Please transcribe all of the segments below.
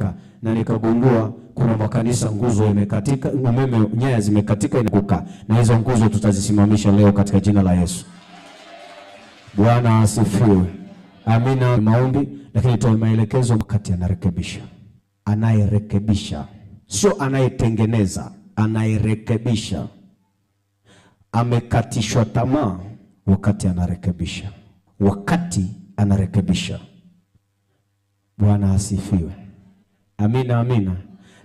imekatika, na nikagundua kuna makanisa nguzo imekatika, umeme, nyaya zimekatika, inakuka na hizo nguzo tutazisimamisha leo katika jina la Yesu. Bwana asifiwe. Amina. Maombi, lakini toa maelekezo wakati anarekebisha, anayerekebisha sio anayetengeneza, anayerekebisha amekatishwa tamaa wakati anarekebisha, wakati anarekebisha. Bwana asifiwe. Amina, amina.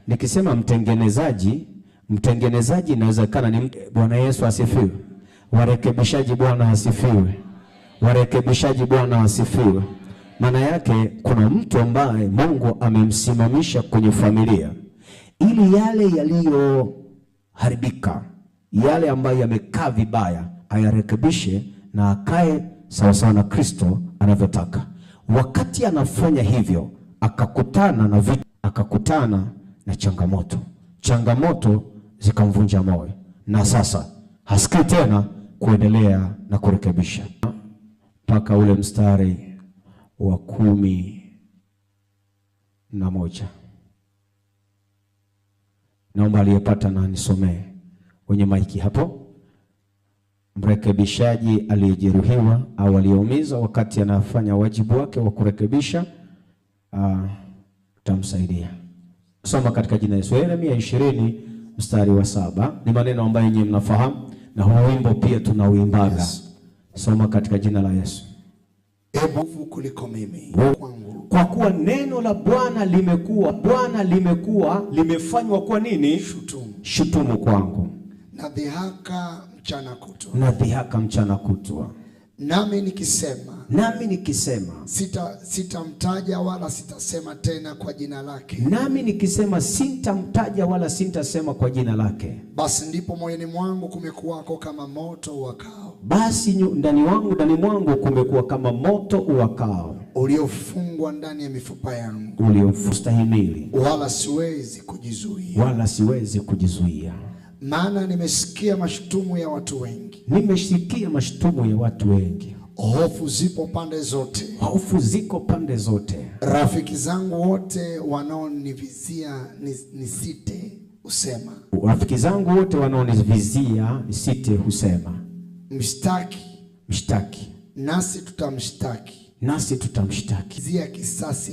Nikisema mtengenezaji, mtengenezaji inawezekana ni Bwana Yesu asifiwe. Warekebishaji, Bwana asifiwe. Warekebishaji, Bwana asifiwe. Maana yake kuna mtu ambaye Mungu amemsimamisha kwenye familia ili yale yaliyoharibika, yale ambayo yamekaa vibaya ayarekebishe na akae sawasawa na Kristo anavyotaka. Wakati anafanya hivyo akakutana na vitu akakutana na changamoto, changamoto zikamvunja moyo, na sasa hasikii tena kuendelea na kurekebisha mpaka ule mstari wa kumi na moja. Naomba aliyepata na nisomee wenye maiki hapo. Mrekebishaji aliyejeruhiwa au aliyeumizwa wakati anafanya wajibu wake wa kurekebisha uh, tutamsaidia. Soma katika jina Yesu. Yeremia 20 mstari wa saba ni maneno ambayo nyinyi mnafahamu na huu wimbo pia tunauimbaga. Soma katika jina la Yesu. Ebufu kuliko mimi kwangu, kwa kuwa neno la Bwana limekuwa Bwana limekuwa limefanywa kwa nini shutumu, shutumu kwangu na dhihaka mchana kutwa, na dhihaka mchana kutwa. Nami nikisema nami nikisema sita sitamtaja wala sitasema tena kwa jina lake. Nami nikisema sintamtaja wala sintasema kwa jina lake, basi ndipo moyoni mwangu kumekuwako kama moto uwakao, basi ndani wangu ndani mwangu kumekuwa kama moto uwakao, uliofungwa ndani ya mifupa yangu, uliostahimili, wala siwezi kujizuia, wala siwezi kujizuia maana nimesikia mashtumu ya watu wengi, nimesikia mashtumu ya watu wengi. Hofu zipo pande zote, hofu ziko pande zote. Rafiki zangu wote wanaonivizia nisite husema, rafiki zangu wote wanaonivizia nisite husema, mshtaki, mshtaki, nasi tutamshtaki, nasi tutamshtaki,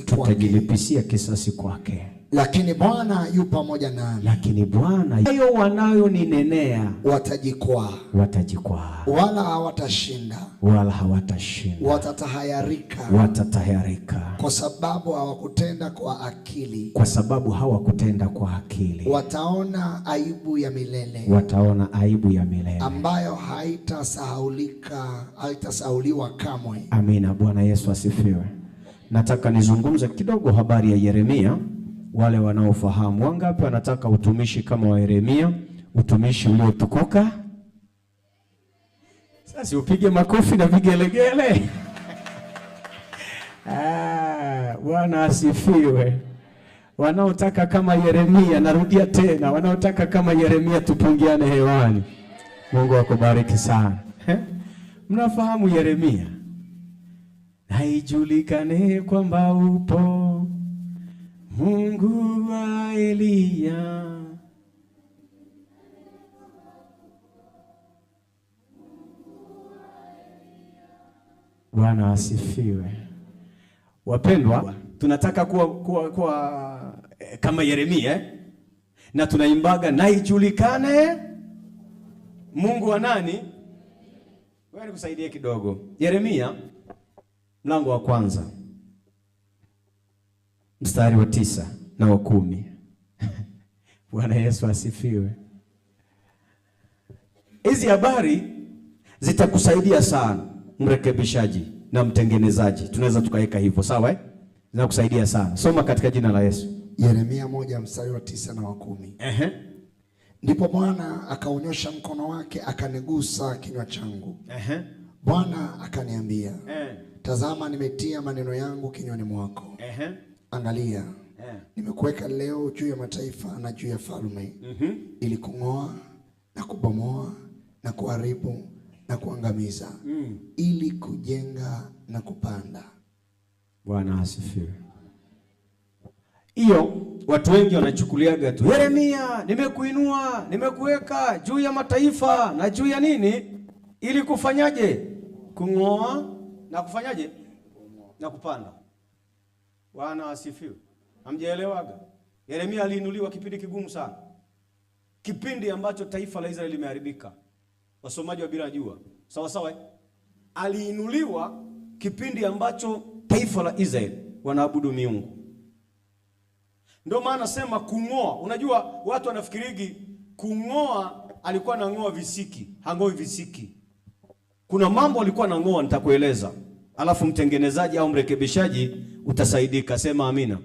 tutajilipisia kisasi kwake. Lakini Bwana yu pamoja nami. Lakini Bwana hayo wanayoninenea watajikwaa. Watajikwaa. Wala hawatashinda. Wala hawatashinda. Watatahayarika. Watatahayarika. Kwa sababu hawakutenda kwa akili. Kwa sababu hawakutenda kwa akili. Wataona aibu ya milele. Wataona aibu ya milele. Ambayo haitasahaulika, haitasahauliwa kamwe. Amina. Bwana Yesu asifiwe. Nataka nizungumze kidogo habari ya Yeremia wale wanaofahamu. Wangapi wanataka utumishi kama wa Yeremia, utumishi uliotukuka? Sasa upige makofi na vigelegele. Ah, Bwana asifiwe. Wanaotaka kama Yeremia, narudia tena, wanaotaka kama Yeremia tupungiane hewani. Mungu akubariki sana. Mnafahamu Yeremia, naijulikane kwamba upo Mungu wa Eliya Bwana asifiwe. Wapendwa, tunataka kuwa, kuwa, kuwa eh, kama Yeremia eh? na tunaimbaga naijulikane Mungu wa nani? Wewe nikusaidie kidogo. Yeremia mlango wa kwanza mstari wa tisa na wa kumi. Bwana Yesu asifiwe. Hizi habari zitakusaidia sana mrekebishaji na mtengenezaji, tunaweza tukaweka hivyo sawa eh? Zinakusaidia sana. Soma katika jina la Yesu. Yeremia moja mstari wa tisa na wa kumi. Ehe. Ndipo Bwana akaonyosha mkono wake akanigusa kinywa changu. Ehe. Bwana akaniambia, eh. tazama nimetia maneno yangu kinywani mwako. Ehe. Angalia, yeah. Nimekuweka leo juu ya mataifa na juu ya falme mm -hmm. ili kung'oa na kubomoa na kuharibu na kuangamiza mm. ili kujenga na kupanda. Bwana asifiwe. Hiyo watu wengi wanachukuliaga tu, Yeremia, nimekuinua nimekuweka juu ya mataifa na juu ya nini, ili kufanyaje? Kung'oa na kufanyaje? Na kupanda Bwana asifiwe. Hamjaelewaga? Yeremia aliinuliwa kipindi kigumu sana, kipindi ambacho taifa la Israeli limeharibika. Wasomaji wa bila jua sawa sawa, eh? aliinuliwa kipindi ambacho taifa la Israeli wanaabudu miungu. Ndio maana sema kung'oa. Unajua watu wanafikirigi kung'oa, alikuwa anang'oa visiki, hang'oi visiki. Kuna mambo alikuwa anang'oa, nitakueleza alafu mtengenezaji au mrekebishaji utasaidika. Sema amina.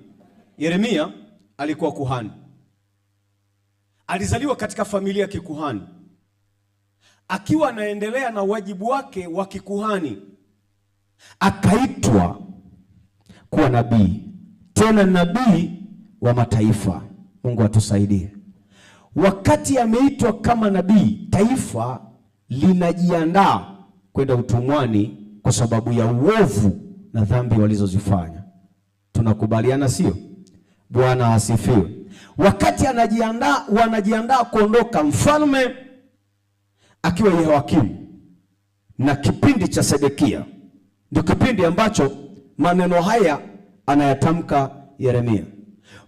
Yeremia alikuwa kuhani, alizaliwa katika familia ya kikuhani, akiwa anaendelea na wajibu wake wa kikuhani akaitwa kuwa nabii, tena nabii wa mataifa. Mungu atusaidie. Wakati ameitwa kama nabii, taifa linajiandaa kwenda utumwani kwa sababu ya uovu na dhambi walizozifanya. Tunakubaliana, sio? Bwana asifiwe. Wakati anajiandaa, wanajiandaa kuondoka, mfalme akiwa Yehoakimu na kipindi cha Sedekia, ndio kipindi ambacho maneno haya anayatamka Yeremia.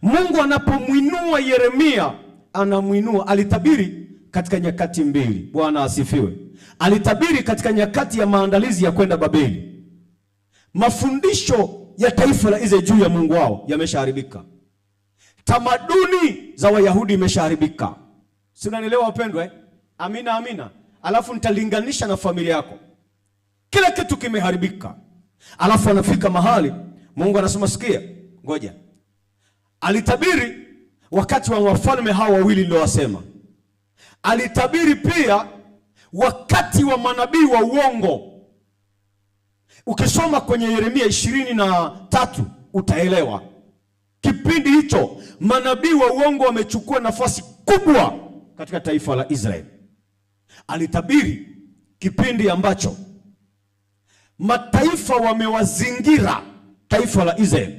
Mungu anapomwinua Yeremia, anamwinua alitabiri katika nyakati mbili. Bwana asifiwe alitabiri katika nyakati ya maandalizi ya kwenda Babeli. Mafundisho ya taifa la Israeli juu ya Mungu wao yameshaharibika, tamaduni za Wayahudi imeshaharibika. Si unanielewa wapendwa eh? Amina, amina. Alafu nitalinganisha na familia yako, kila kitu kimeharibika, alafu anafika mahali Mungu anasema sikia, ngoja, alitabiri wakati wa wafalme hawa wawili ndio wasema, alitabiri pia wakati wa manabii wa uongo. Ukisoma kwenye Yeremia ishirini na tatu utaelewa kipindi hicho manabii wa uongo wamechukua nafasi kubwa katika taifa la Israeli. Alitabiri kipindi ambacho mataifa wamewazingira taifa la Israeli.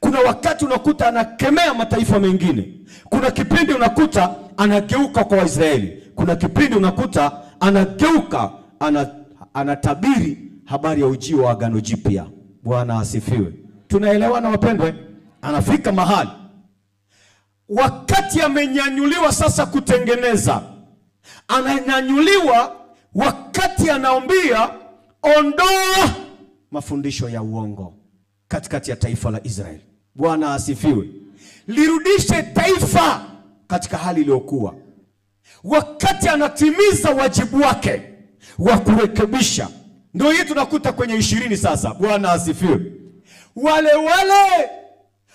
Kuna wakati unakuta anakemea mataifa mengine, kuna kipindi unakuta anageuka kwa Waisraeli, kuna kipindi unakuta anageuka ana, anatabiri habari ya ujio wa agano jipya. Bwana asifiwe. Tunaelewana wapendwe? Anafika mahali wakati amenyanyuliwa sasa kutengeneza, ananyanyuliwa wakati anaambia ondoa mafundisho ya uongo katikati ya taifa la Israeli. Bwana asifiwe. Lirudishe taifa katika hali iliyokuwa wakati anatimiza wajibu wake wa kurekebisha. Ndio hii tunakuta kwenye ishirini. Sasa Bwana asifiwe. Wale wale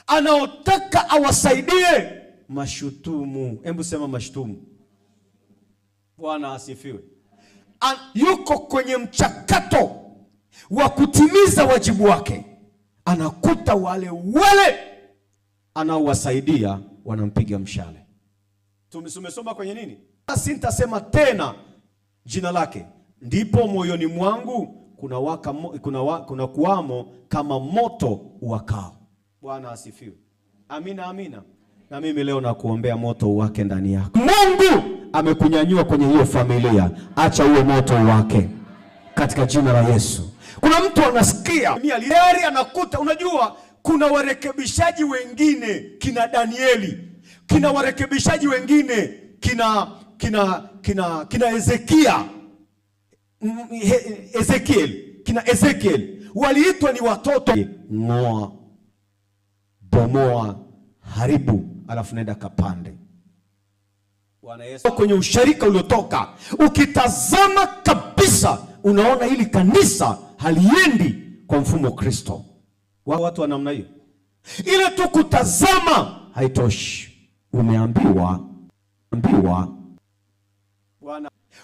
anaotaka awasaidie mashutumu, hebu sema mashutumu. Bwana asifiwe. An yuko kwenye mchakato wa kutimiza wajibu wake, anakuta wale wale anaowasaidia wanampiga mshale. Tumesoma kwenye nini? basi nitasema tena jina lake, ndipo moyoni mwangu kuna, waka, kuna, wa, kuna kuwamo kama moto uwakao. Bwana asifiwe. Amina, amina. Na mimi leo nakuombea moto uwake ndani yako. Mungu amekunyanyua kwenye hiyo familia, acha huo moto uwake katika jina la Yesu. Kuna mtu anasikia mialeri anakuta, unajua kuna warekebishaji wengine kina Danieli, kina warekebishaji wengine kina kina kina kina Ezekia mm, mm, Ezekiel kina Ezekiel waliitwa ni watoto ng'oa, bomoa, haribu, alafu naenda kapande. Bwana Yesu, kwenye usharika uliotoka ukitazama kabisa, unaona hili kanisa haliendi kwa mfumo Kristo wa watu wa namna hiyo. Ile tu kutazama haitoshi, umeambiwa ambiwa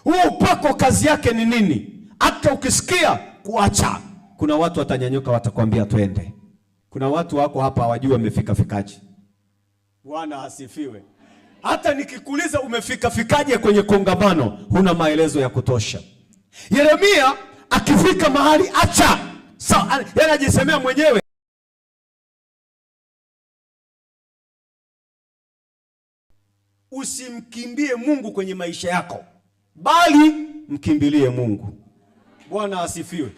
huo upako kazi yake ni nini? Hata ukisikia kuacha, kuna watu watanyanyuka, watakwambia twende. Kuna watu wako hapa hawajui wamefika fikaje. Bwana asifiwe. Hata nikikuuliza umefika fikaje kwenye kongamano, huna maelezo ya kutosha. Yeremia akifika mahali acha, so, yeye anajisemea mwenyewe usimkimbie Mungu kwenye maisha yako bali mkimbilie Mungu. Bwana asifiwe.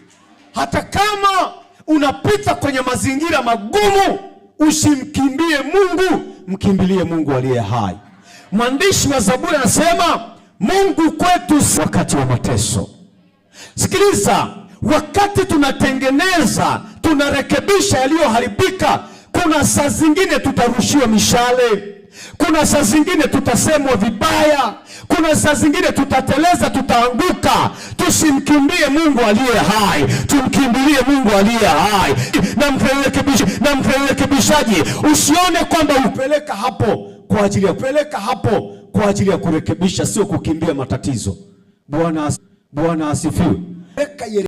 Hata kama unapita kwenye mazingira magumu, usimkimbie Mungu, mkimbilie Mungu aliye hai. Mwandishi wa Zaburi anasema Mungu kwetu wakati wa mateso. Sikiliza, wakati tunatengeneza, tunarekebisha yaliyoharibika, kuna saa zingine tutarushiwa mishale kuna saa zingine tutasemwa vibaya, kuna saa zingine tutateleza, tutaanguka. Tusimkimbie Mungu aliye hai, tumkimbilie Mungu aliye hai na mrekebishaji, na mrekebishaji. Usione kwamba upeleka hapo kwa ajili ya kupeleka hapo kwa ajili ya kurekebisha, sio kukimbia matatizo. Bwana asifiwe.